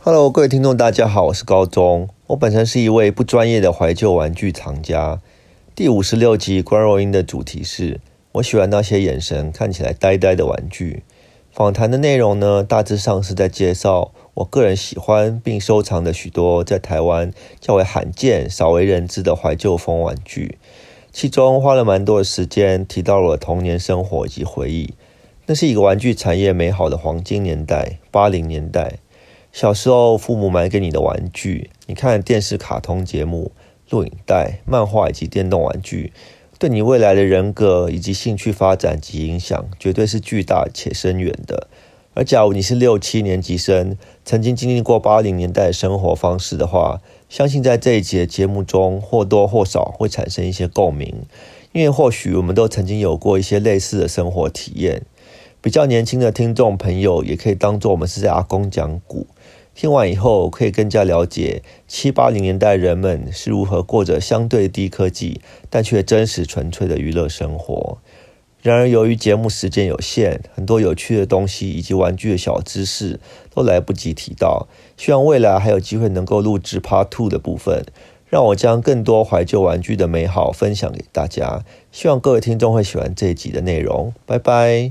Hello，各位聽眾，大家好，我是高中。我本身是一位不專業的懷舊玩具藏家。第五十六集觀弱音的主題是。我喜歡那些眼神看起來呆呆的玩具。訪談的內容呢，大致上是在介紹我個人喜歡並收藏的許多在台灣較為罕見、少為人知的懷舊風玩具，其中花了蠻多的時間提到了童年生活以及回憶。那是一個玩具產業美好的黃金年代——八零年代。小時候父母買給你的玩具，你看電視卡通節目、錄影帶、漫畫以及電動玩具。對你未來的人格以及興趣發展及影響，絕對是巨大且深遠的。而假如你是六七年級生，曾經經歷過八零年代的生活方式的話，相信在這一節節目中或多或少會產生一些共鳴，因為或許我們都曾經有過一些類似的生活體驗。比較年輕的聽眾朋友，也可以當作我們是在阿公講古。聽完以後，可以更加了解七八零年代人們是如何過着相對低科技，但卻真實純粹的娛樂生活。然而，由於節目時間有限，很多有趣的東西以及玩具的小知識都來不及提到。希望未來還有機會能夠錄製 Part Two 的部分，讓我將更多懷舊玩具的美好分享給大家。希望各位聽眾會喜歡這一集的內容。拜拜。